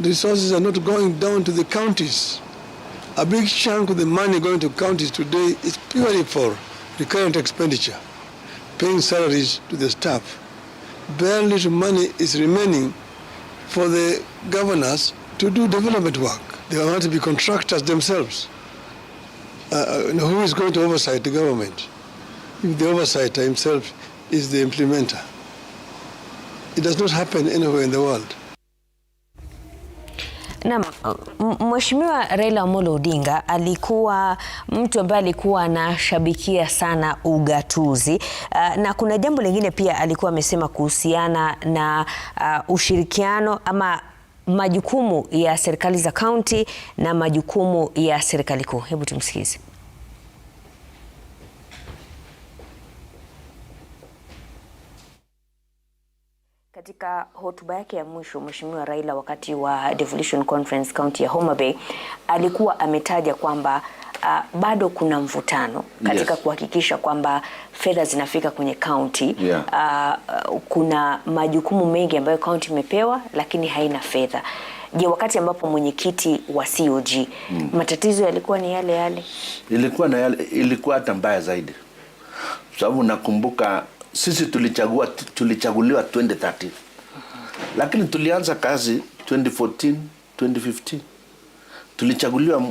resources are not going down to the counties. A big chunk of the money going to counties today is purely for recurrent expenditure, paying salaries to the staff. Very little money is remaining for the governors to do development work. They are going to be contractors themselves. Uh, uh who is going to oversight the government? If the oversighter himself is the implementer. It does not happen anywhere in the world. Naam, Mheshimiwa Raila Amolo Odinga alikuwa mtu ambaye alikuwa anashabikia sana ugatuzi. Uh, na kuna jambo lingine pia alikuwa amesema kuhusiana na uh, ushirikiano ama majukumu ya serikali za kaunti na majukumu ya serikali kuu. Hebu tumsikize. Katika hotuba yake ya mwisho Mheshimiwa Raila wakati wa Devolution Conference kaunti ya Homa Bay alikuwa ametaja kwamba uh, bado kuna mvutano katika yes, kuhakikisha kwamba fedha zinafika kwenye kaunti yeah. Uh, kuna majukumu mengi ambayo kaunti imepewa lakini haina fedha. Je, wakati ambapo mwenyekiti wa COG mm, matatizo yalikuwa ni yale yale? Ilikuwa na yale, ilikuwa hata mbaya zaidi, sababu nakumbuka sisi tulichagua, tulichaguliwa 2013 lakini tulianza kazi 2014 2015. Tulichaguliwa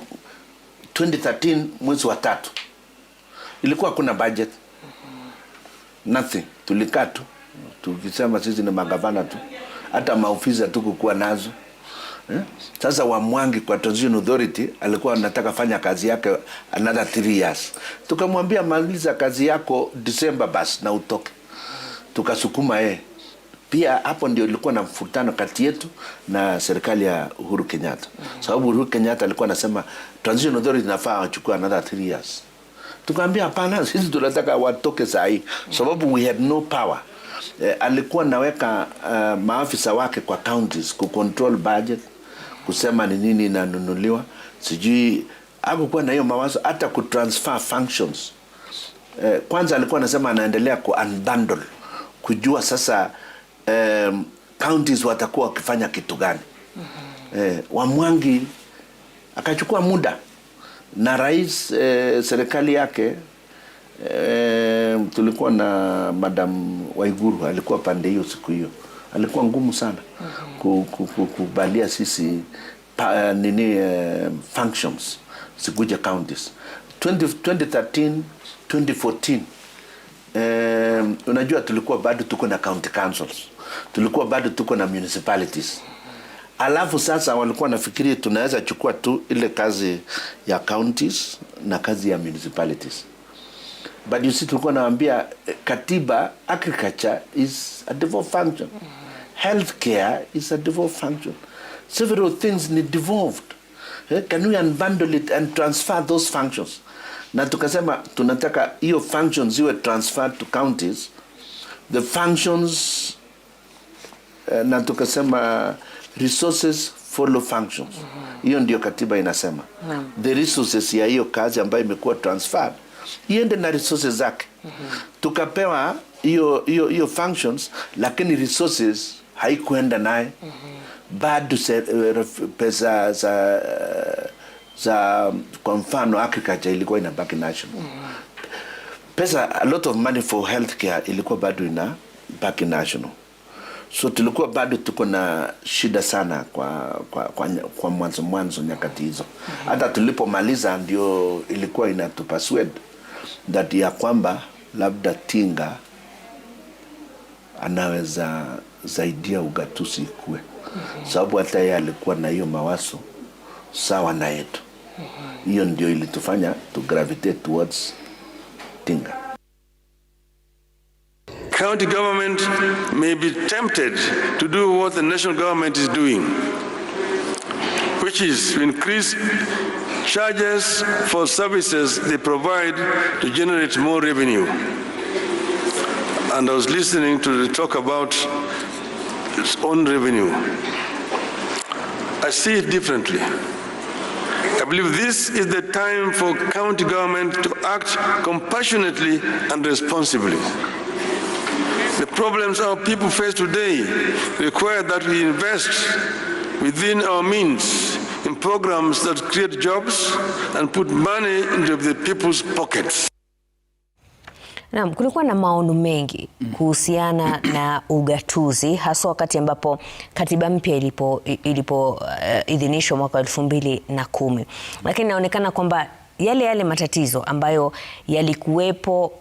2013 mwezi wa tatu, ilikuwa kuna budget nothing, tulikaa tu tukisema sisi ni magavana tu, hata maofisa hatukukuwa nazo eh? Sasa Wamwangi kwa Transition Authority alikuwa anataka fanya kazi yake another three years, tukamwambia maliza kazi yako December bas na utoke, tukasukuma yeye pia hapo ndio ilikuwa na mfutano kati yetu na serikali ya Uhuru Kenyatta mm -hmm. Sababu Uhuru Kenyatta alikuwa anasema Transition Authority inafaa wachukue another three years. Tukaambia hapana, sisi tunataka watoke saa hii mm-hmm. Sababu we had no power eh, alikuwa naweka uh, eh, maafisa wake kwa counties ku control budget kusema ni nini inanunuliwa, sijui akukuwa na hiyo mawazo hata kutransfer functions. Eh, kwanza alikuwa anasema anaendelea ku unbundle kujua sasa eh, counties watakuwa wakifanya kitu gani. Mm-hmm. Eh, Wamwangi akachukua muda na rais eh, serikali yake eh, tulikuwa na Madam Waiguru alikuwa pande hiyo siku hiyo alikuwa ngumu sana kubalia sisi pa, eh, nini uh, functions sikuja counties 20, 2013 2014 Um, unajua tulikuwa bado tuko na county councils, tulikuwa bado tuko na municipalities. Alafu sasa walikuwa nafikiri tunaweza chukua tu ile kazi ya counties na kazi ya municipalities but you see tulikuwa naambia eh, katiba, agriculture is a devolved function, healthcare is a devolved function, several things need devolved. Eh, can we unbundle it and transfer those functions? Na tukasema tunataka hiyo functions ziwe transferred to counties, the functions eh, na tukasema resources follow functions. Hiyo ndio katiba inasema, the resources ya hiyo kazi ambayo imekuwa transferred iende na resources zake. mm -hmm. Tukapewa hiyo hiyo hiyo functions, lakini resources haikuenda naye. mm -hmm. Bado eh, pesa za za kwa mfano agriculture ilikuwa inabaki national. mm -hmm. Pesa a lot of money for healthcare ilikuwa bado ina baki national, so tulikuwa bado tuko na shida sana kwa kwa, kwa, kwa mwanzo mwanzo nyakati hizo. hata mm -hmm. Tulipomaliza ndio ilikuwa inatupaswed that ya kwamba labda tinga anaweza zaidia ugatusi ikue, mhm. sababu hata yeye alikuwa na hiyo mawaso sawa na yetu. Mhm. Hiyo ndio ilitufanya to gravitate towards tinga. County government may be tempted to do what the national government is doing which is to increase charges for services they provide to generate more revenue. And I was listening to the talk about its own revenue. I see it differently. I believe this is the time for county government to act compassionately and responsibly. The problems our people face today require that we invest within our means in programs that create jobs and put money into the people's pockets. Naam, kulikuwa na maono mengi kuhusiana na ugatuzi haswa wakati ambapo katiba mpya ilipoidhinishwa ilipo, uh, mwaka wa elfu mbili na kumi, lakini inaonekana kwamba yale yale matatizo ambayo yalikuwepo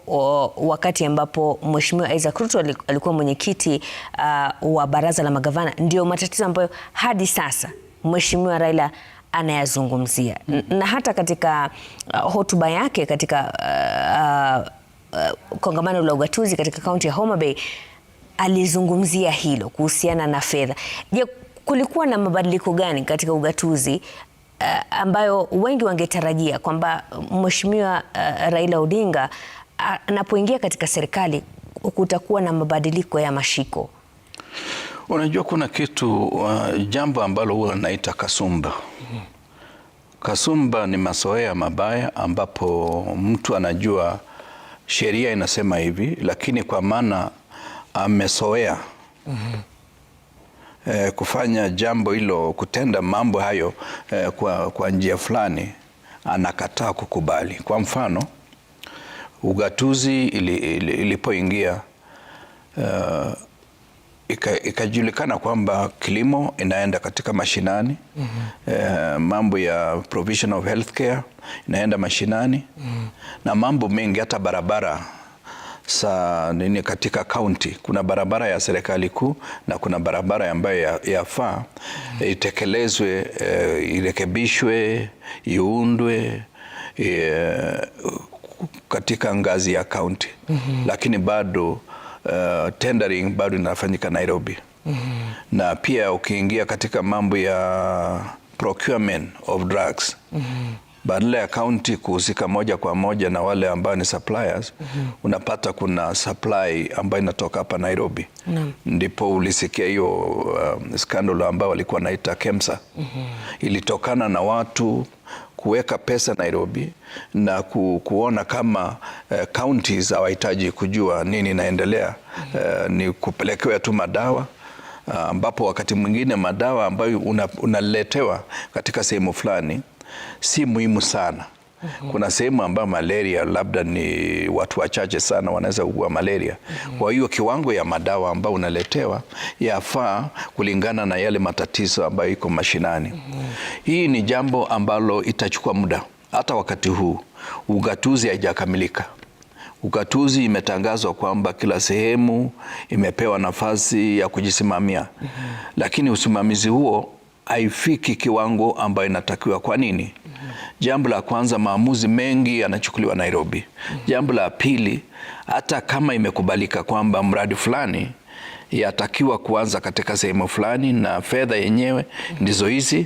wakati ambapo Mheshimiwa Isaac Ruto alikuwa mwenyekiti uh, wa baraza la magavana, ndio matatizo ambayo hadi sasa Mheshimiwa Raila anayazungumzia mm -hmm. na hata katika uh, hotuba yake katika uh, uh, kongamano la ugatuzi katika kaunti ya Homa Bay alizungumzia hilo kuhusiana na fedha. Je, kulikuwa na mabadiliko gani katika ugatuzi uh, ambayo wengi wangetarajia kwamba Mheshimiwa uh, Raila Odinga uh, anapoingia uh, katika serikali kutakuwa na mabadiliko ya mashiko? Unajua kuna kitu uh, jambo ambalo huwa naita kasumba. Kasumba ni mazoea mabaya ambapo mtu anajua sheria inasema hivi, lakini kwa maana amezoea mm -hmm. eh, kufanya jambo hilo, kutenda mambo hayo eh, kwa, kwa njia fulani anakataa kukubali. Kwa mfano ugatuzi ilipoingia ili, ili uh, ikajulikana kwamba kilimo inaenda katika mashinani mm -hmm. Eh, mambo ya provision of healthcare inaenda mashinani mm -hmm. na mambo mengi hata barabara sa nini katika kaunti kuna barabara ya serikali kuu na kuna barabara ambayo yafaa ya mm itekelezwe, e, irekebishwe, iundwe e, katika ngazi ya kaunti mm -hmm. lakini bado uh, tendering bado inafanyika Nairobi. mm -hmm. Na pia ukiingia katika mambo ya procurement of drugs mm -hmm badala ya kaunti kuhusika moja kwa moja na wale ambao ni suppliers mm -hmm. Unapata kuna supply ambayo inatoka hapa Nairobi mm -hmm. Ndipo ulisikia hiyo um, scandal ambayo walikuwa naita Kemsa mm -hmm. Ilitokana na watu kuweka pesa Nairobi na ku, kuona kama eh, counties uh, hawahitaji kujua nini inaendelea mm -hmm. Uh, ni kupelekewa tu madawa ambapo uh, wakati mwingine madawa ambayo unaletewa una katika sehemu fulani si muhimu sana. Kuna sehemu ambayo malaria labda ni watu wachache sana wanaweza kuugua malaria. Kwa hiyo kiwango ya madawa ambayo unaletewa yafaa kulingana na yale matatizo ambayo iko mashinani. Hii ni jambo ambalo itachukua muda. Hata wakati huu ugatuzi haijakamilika. Ugatuzi imetangazwa kwamba kila sehemu imepewa nafasi ya kujisimamia, lakini usimamizi huo haifiki kiwango ambayo inatakiwa. Kwa nini? Jambo la kwanza, maamuzi mengi yanachukuliwa Nairobi. Jambo la pili, hata kama imekubalika kwamba mradi fulani yatakiwa kuanza katika sehemu fulani na fedha yenyewe ndizo hizi,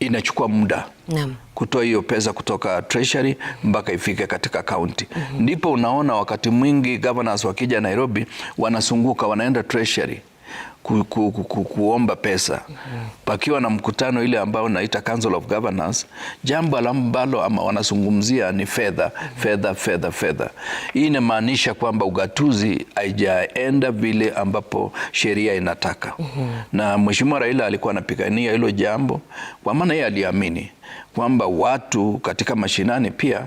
inachukua muda Naam. kutoa hiyo pesa kutoka treasury mpaka ifike katika kaunti mm -hmm. Ndipo unaona wakati mwingi governors wakija Nairobi wanasunguka, wanaenda treasury ku, ku, ku, ku, kuomba pesa mm -hmm. Pakiwa na mkutano ile ambao naita Council of Governors, jambo ambalo ama wanazungumzia ni fedha mm -hmm. Fedha, fedha, fedha. Hii inamaanisha kwamba ugatuzi haijaenda vile ambapo sheria inataka mm -hmm. Na Mheshimiwa Raila alikuwa anapigania hilo jambo kwa maana yeye aliamini kwamba watu katika mashinani pia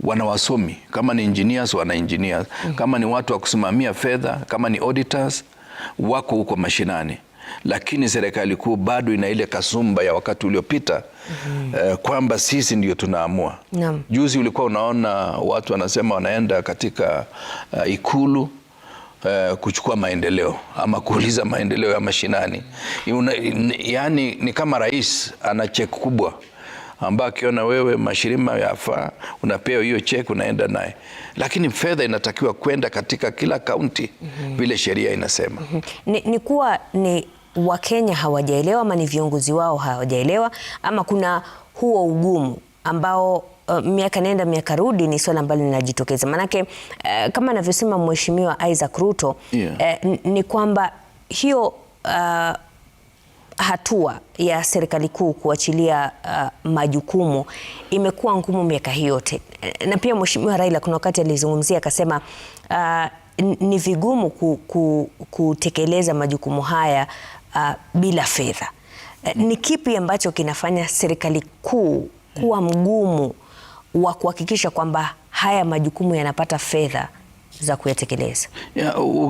wana wasomi, kama ni engineers wana engineers, kama ni watu wa kusimamia fedha, kama ni auditors wako huko mashinani, lakini serikali kuu bado ina ile kasumba ya wakati uliopita mm -hmm. eh, kwamba sisi ndio tunaamua yeah. Juzi ulikuwa unaona watu wanasema wanaenda katika uh, ikulu Uh, kuchukua maendeleo ama kuuliza maendeleo ya mashinani. Yaani ni kama rais ana cheki kubwa ambayo akiona wewe mashirima yafaa, unapewa hiyo cheki, unaenda naye, lakini fedha inatakiwa kwenda katika kila kaunti mhm. vile mm -hmm. sheria inasema mm -hmm. ni, ni kuwa ni Wakenya hawajaelewa ama ni viongozi wao hawajaelewa ama kuna huo ugumu ambao Uh, miaka nenda miaka rudi ni swala ambalo linajitokeza maanake, uh, kama anavyosema Mheshimiwa Isaac Ruto yeah. Uh, ni kwamba hiyo uh, hatua ya serikali kuu kuachilia uh, majukumu imekuwa ngumu miaka hii yote, na pia Mheshimiwa Raila kuna wakati alizungumzia akasema, uh, ni vigumu ku, ku, kutekeleza majukumu haya uh, bila fedha. Uh, ni kipi ambacho kinafanya serikali kuu kuwa mgumu wa kuhakikisha kwamba haya majukumu yanapata fedha? za kuyatekeleza.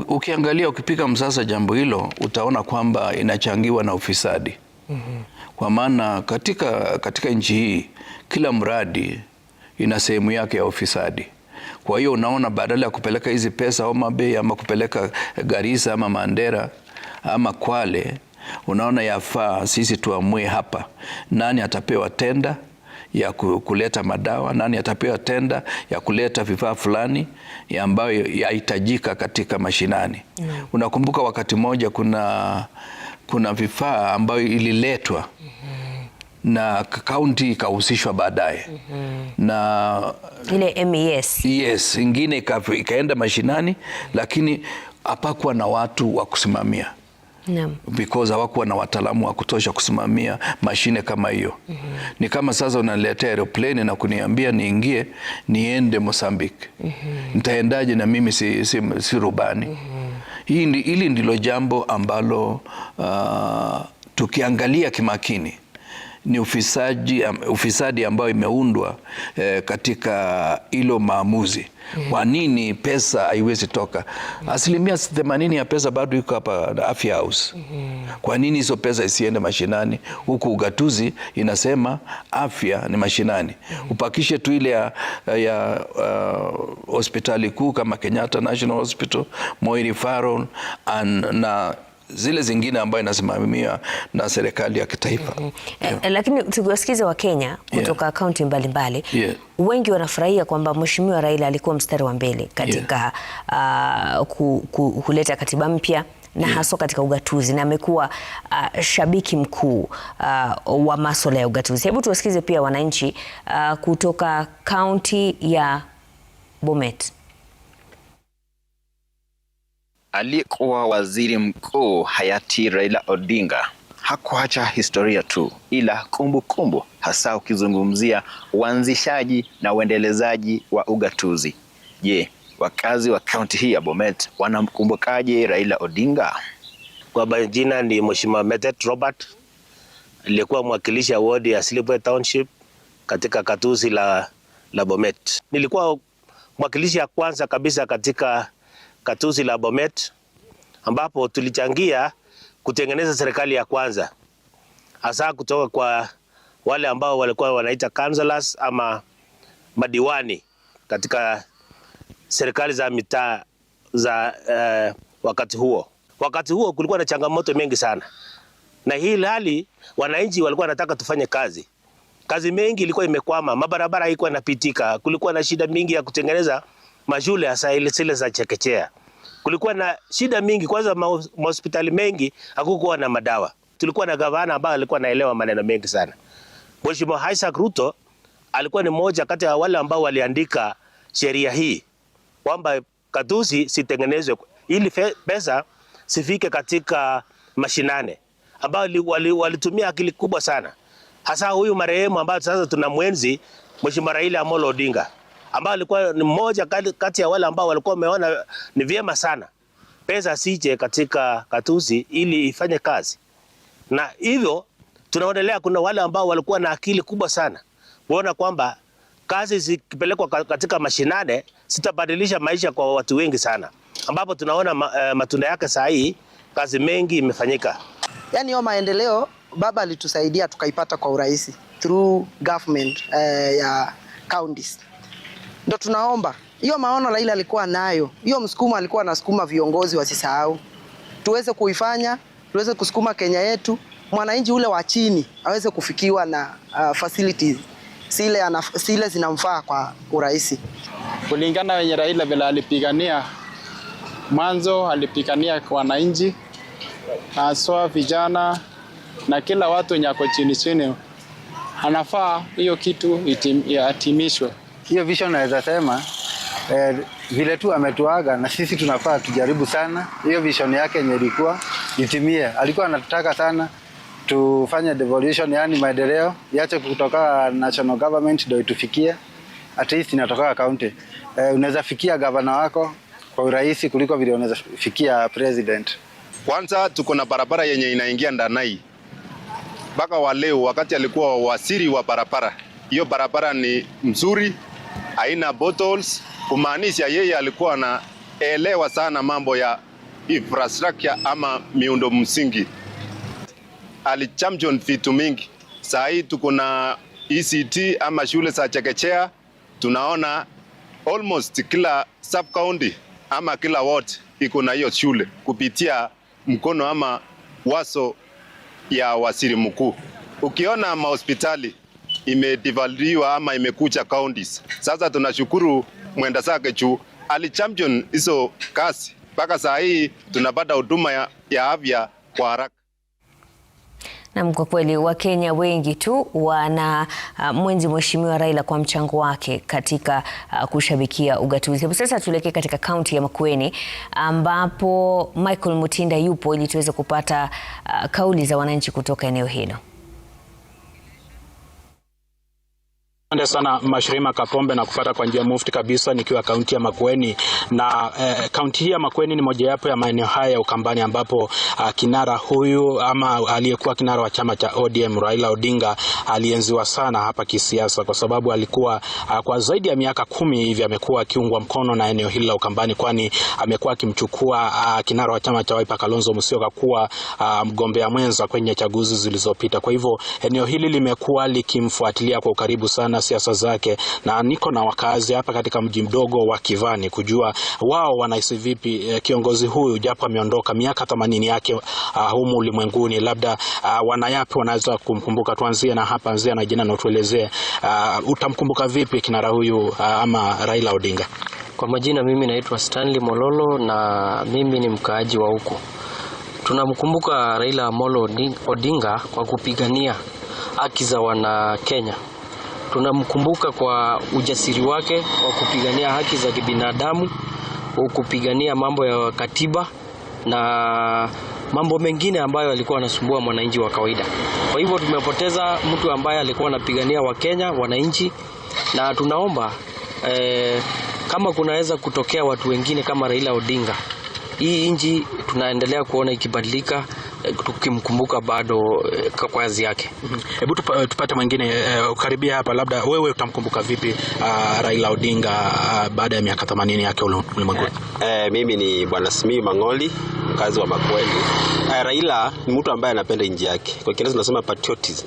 Ukiangalia ukipiga msasa jambo hilo utaona kwamba inachangiwa na ufisadi mm -hmm. Kwa maana katika, katika nchi hii kila mradi ina sehemu yake ya ufisadi. Kwa hiyo unaona, badala ya kupeleka hizi pesa Homa Bay ama kupeleka Garissa ama Mandera ama Kwale, unaona yafaa sisi tuamue hapa nani atapewa tenda ya kuleta madawa, nani atapewa tenda ya kuleta vifaa fulani ya ambayo yahitajika katika mashinani mm. Unakumbuka wakati mmoja kuna, kuna vifaa ambayo ililetwa mm -hmm. na kaunti ikahusishwa baadaye mm -hmm. na ile MES yes, ingine ikaenda mashinani mm -hmm. lakini hapakuwa na watu wa kusimamia yeah. because hawakuwa na wataalamu wa kutosha kusimamia mashine kama hiyo mm -hmm. Ni kama sasa unaniletea aeroplane na kuniambia niingie niende Mosambiki mm -hmm. Nitaendaje na mimi si, si, si rubani mm -hmm. Hili ndilo jambo ambalo uh, tukiangalia kimakini ni ufisaji, ufisadi ambayo imeundwa eh, katika hilo maamuzi. Kwa nini pesa haiwezi toka? Asilimia themanini ya pesa bado iko hapa Afya House. Kwa nini hizo pesa isiende mashinani? Huku ugatuzi inasema afya ni mashinani, mm. upakishe tu ile ya, ya uh, hospitali kuu kama Kenyatta National Hospital, Moi Referral na zile zingine ambayo inasimamiwa na serikali ya kitaifa mm -hmm. yeah. Lakini tukiwasikiza Wakenya kutoka kaunti mbalimbali yeah. wengi wanafurahia kwamba Mheshimiwa Raila alikuwa mstari wa mbele katika yeah. uh, ku, ku, kuleta katiba mpya na yeah. haswa katika ugatuzi na amekuwa uh, shabiki mkuu uh, wa masuala ya ugatuzi. Hebu tuwasikize pia wananchi uh, kutoka kaunti ya Bomet. Aliyekuwa waziri mkuu hayati Raila Odinga hakuacha historia tu, ila kumbukumbu kumbu, hasa ukizungumzia uanzishaji na uendelezaji wa ugatuzi. Je, wakazi wa kaunti hii ya Bomet wanamkumbukaje Raila Odinga? Kwa majina ni Mheshimiwa Metet Robert, aliyekuwa mwakilishi wa wodi ya Silibwe Township katika katuzi la, la Bomet. Nilikuwa mwakilishi ya kwanza kabisa katika katuzi la Bomet ambapo tulichangia kutengeneza serikali ya kwanza hasa kutoka kwa wale ambao walikuwa wanaita councillors ama madiwani katika serikali za mitaa za uh, wakati huo. Wakati huo kulikuwa na changamoto mengi sana, na hii hali wananchi walikuwa wanataka tufanye kazi kazi mengi ilikuwa imekwama, mabarabara haikuwa inapitika, kulikuwa na shida mingi ya kutengeneza mashule hasa ile zile za chekechea. Kulikuwa na shida mingi, kwanza mahospitali mengi hakukuwa na madawa. Tulikuwa na gavana ambaye alikuwa anaelewa maneno mengi sana. Mheshimiwa Isaac Ruto alikuwa ni mmoja kati ya wale ambao waliandika sheria hii kwamba katusi sitengenezwe ili pesa sifike katika mashinane, ambao walitumia wali akili kubwa sana, hasa huyu marehemu ambaye sasa tuna mwenzi Mheshimiwa Raila Amolo Odinga ambao alikuwa ni mmoja kati ya wale ambao walikuwa wameona ni vyema sana pesa sije katika katuzi ili ifanye kazi, na hivyo tunaendelea. Kuna wale ambao walikuwa na akili kubwa sana kuona kwamba kazi zikipelekwa katika mashinane zitabadilisha maisha kwa watu wengi sana, ambapo tunaona eh, matunda yake saa hii, kazi mengi imefanyika. Yani hiyo maendeleo baba alitusaidia tukaipata kwa urahisi through government uh, ya counties ndo tunaomba hiyo maono Raila alikuwa nayo, hiyo msukuma alikuwa anasukuma viongozi wasisahau, tuweze kuifanya, tuweze kusukuma Kenya yetu, mwananchi ule wa chini aweze kufikiwa na uh, facilities sile, sile zinamfaa kwa urahisi, kulingana wenye Raila vile alipigania mwanzo, alipigania kwa wananchi haswa vijana na kila watu nyako chini chini, anafaa hiyo kitu atimishwe hiyo vision naweza sema eh, vile tu ametuaga na sisi tunafaa tujaribu sana hiyo vision yake yenye ilikuwa itimie. Alikuwa anataka sana tufanye devolution, yani maendeleo iache kutoka national government ndio itufikie, at least inatoka county. Eh, unaweza fikia gavana wako kwa urahisi kuliko vile unaweza fikia president. Kwanza tuko na barabara yenye inaingia Ndanai mpaka wa leo, wakati alikuwa waziri wa barabara, hiyo barabara ni mzuri haina bottles, kumaanisha yeye alikuwa anaelewa sana mambo ya infrastructure ama miundo msingi. Alichampion vitu mingi. Saa hii tuko na ECT ama shule za chekechea, tunaona almost kila sub county ama kila ward iko na hiyo shule kupitia mkono ama waso ya waziri mkuu. Ukiona mahospitali imedivaliwa ama imekuja counties. Sasa tunashukuru mwenda zake juu alichampion hizo kazi mpaka saa hii tunapata huduma ya, ya afya kwa haraka. Nam, kwa kweli Wakenya wengi tu wana uh, mwenzi Mheshimiwa Raila kwa mchango wake katika uh, kushabikia ugatuzi. sasa tuelekee katika kaunti ya Makueni ambapo Michael Mutinda yupo ili tuweze kupata uh, kauli za wananchi kutoka eneo hilo. Asante sana Mashirima Kapombe na kupata kwa njia mufti kabisa nikiwa kaunti ya Makueni na eh, kaunti hii ya Makueni ni mojawapo ya maeneo haya ya Ukambani ambapo ah, kinara huyu ama aliyekuwa kinara wa chama cha ODM Raila Odinga alienziwa sana hapa kisiasa kwa sababu alikuwa ah, kwa zaidi ya miaka kumi hivi amekuwa akiungwa mkono na eneo hili la Ukambani, kwani amekuwa akimchukua ah, kinara wa chama cha Wiper Kalonzo Musyoka kuwa ah, mgombea mwenza kwenye chaguzi zilizopita. Kwa hivyo eneo hili limekuwa likimfuatilia kwa ukaribu sana siasa zake, na niko na wakazi hapa katika mji mdogo wa Kivani kujua wao wanahisi vipi eh, kiongozi huyu, japo ameondoka miaka themanini yake uh, humu ulimwenguni, labda uh, ah, wanayapi wanaweza kumkumbuka. Tuanzie na hapa, anzia na jina na utuelezee, uh, utamkumbuka vipi kinara huyu uh, ama Raila Odinga? Kwa majina, mimi naitwa Stanley Mololo na mimi ni mkaaji wa huku. Tunamkumbuka Raila Amolo Odinga kwa kupigania haki za wana Kenya. Tunamkumbuka kwa ujasiri wake wa kupigania haki za kibinadamu, wa kupigania mambo ya katiba na mambo mengine ambayo alikuwa anasumbua mwananchi wa kawaida. Kwa hivyo tumepoteza mtu ambaye alikuwa anapigania Wakenya, wananchi, na tunaomba eh, kama kunaweza kutokea watu wengine kama Raila Odinga, hii nchi tunaendelea kuona ikibadilika tukimkumbuka bado eh, kwa kazi yake. Hebu mm -hmm. tupate mwingine eh, karibia hapa, labda wewe utamkumbuka vipi uh, Raila Odinga uh, baada ya miaka 80 yake ulimwenguni? Eh, eh, mimi ni Bwana Simiyu Mang'oli mkazi wa Makueni. Eh, Raila ni mtu ambaye anapenda nchi yake, kwa Kiingereza tunasema patriotism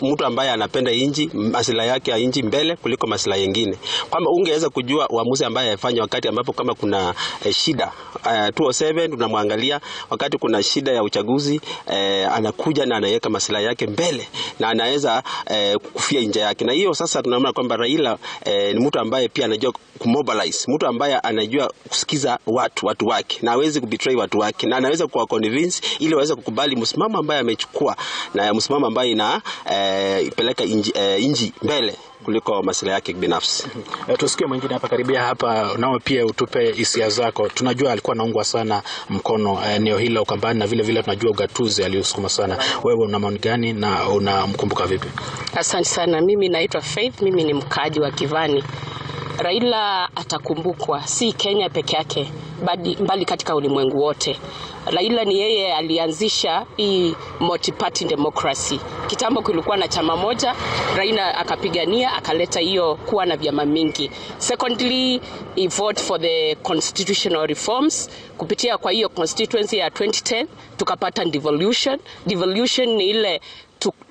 mtu ambaye anapenda inji masila yake ya inji mbele kuliko masila yengine, kwamba ungeweza kujua uamuzi ambaye afanya wakati ambapo kama kuna eh, shida uh, eh, 207 unamwangalia wakati kuna shida ya uchaguzi eh, anakuja na anaweka masila yake mbele na anaweza eh, kufia inja yake, na hiyo sasa tunaona kwamba Raila eh, ni mtu ambaye pia anajua kumobilize, mtu ambaye anajua kusikiza watu watu wake, na hawezi kubetray watu wake, na anaweza kuwa convince ili waweze kukubali msimamo ambaye amechukua na msimamo ambaye ina eh, ipeleka inji, eh, inji mbele kuliko masuala yake binafsi. Mm eh, -hmm. Tusikie mwingine hapa karibia hapa, nao pia utupe hisia zako. Tunajua alikuwa anaungwa sana mkono eh, eneo hilo Ukambani, na vile vile tunajua ugatuzi aliosukuma sana. Wewe una maoni gani na unamkumbuka vipi? Asante sana. Mimi naitwa Faith, mimi ni mkaaji wa Kivani. Raila atakumbukwa si Kenya peke yake mbali katika ulimwengu wote. Raila ni yeye alianzisha hii multi-party democracy. Kitambo kulikuwa na chama moja, Raila akapigania akaleta hiyo kuwa na vyama mingi. Secondly, he vote for the constitutional reforms kupitia kwa hiyo constituency ya 2010 tukapata devolution. Devolution ni ile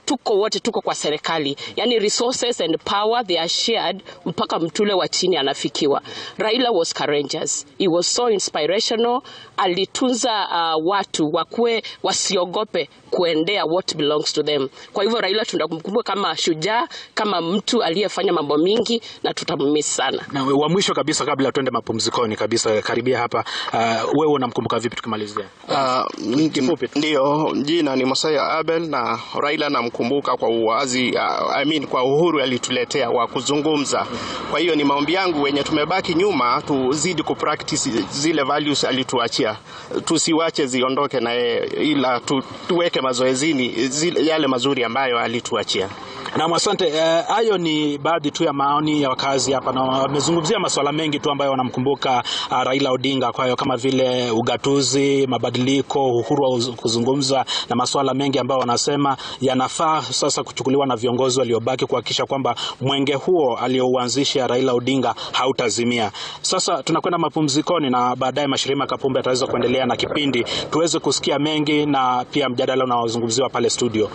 tuko wote tuko kwa serikali, yani resources and power they are shared mpaka mtule wa chini anafikiwa. Raila was courageous. He was so inspirational alitunza uh, watu wakuwe wasiogope kuendea what belongs to them. Kwa hivyo Raila tunakumkumbuka kama shujaa, kama mtu aliyefanya mambo mingi na tutamumisi sana. Na wa mwisho kabisa kabla tuende mapumzikoni kabisa karibia hapa uh, wewe unamkumbuka vipi tukimalizia? Uh, ndio jina ni mosaya Abel na Raila namkumbuka kwa uwazi uh, I mean, kwa uhuru alituletea wa kuzungumza. Kwa hiyo ni maombi yangu wenye tumebaki nyuma tuzidi kupractice zile values alituachia mpya tusiwache ziondoke na yeye, ila tu, tuweke mazoezini zile, yale mazuri ambayo alituachia. Naam, asante. Eh, hayo uh, ni baadhi tu ya maoni ya wakazi hapa, na wamezungumzia masuala mengi tu ambayo wanamkumbuka uh, Raila Odinga, kwa hiyo kama vile ugatuzi, mabadiliko, uhuru wa kuzungumza na masuala mengi ambayo wanasema yanafaa sasa kuchukuliwa na viongozi waliobaki kuhakikisha kwamba mwenge huo aliyouanzisha Raila Odinga hautazimia. Sasa tunakwenda mapumzikoni na baadaye Mashirima Kapumbe tunaweza kuendelea na kipindi tuweze kusikia mengi na pia mjadala unaozungumziwa pale studio.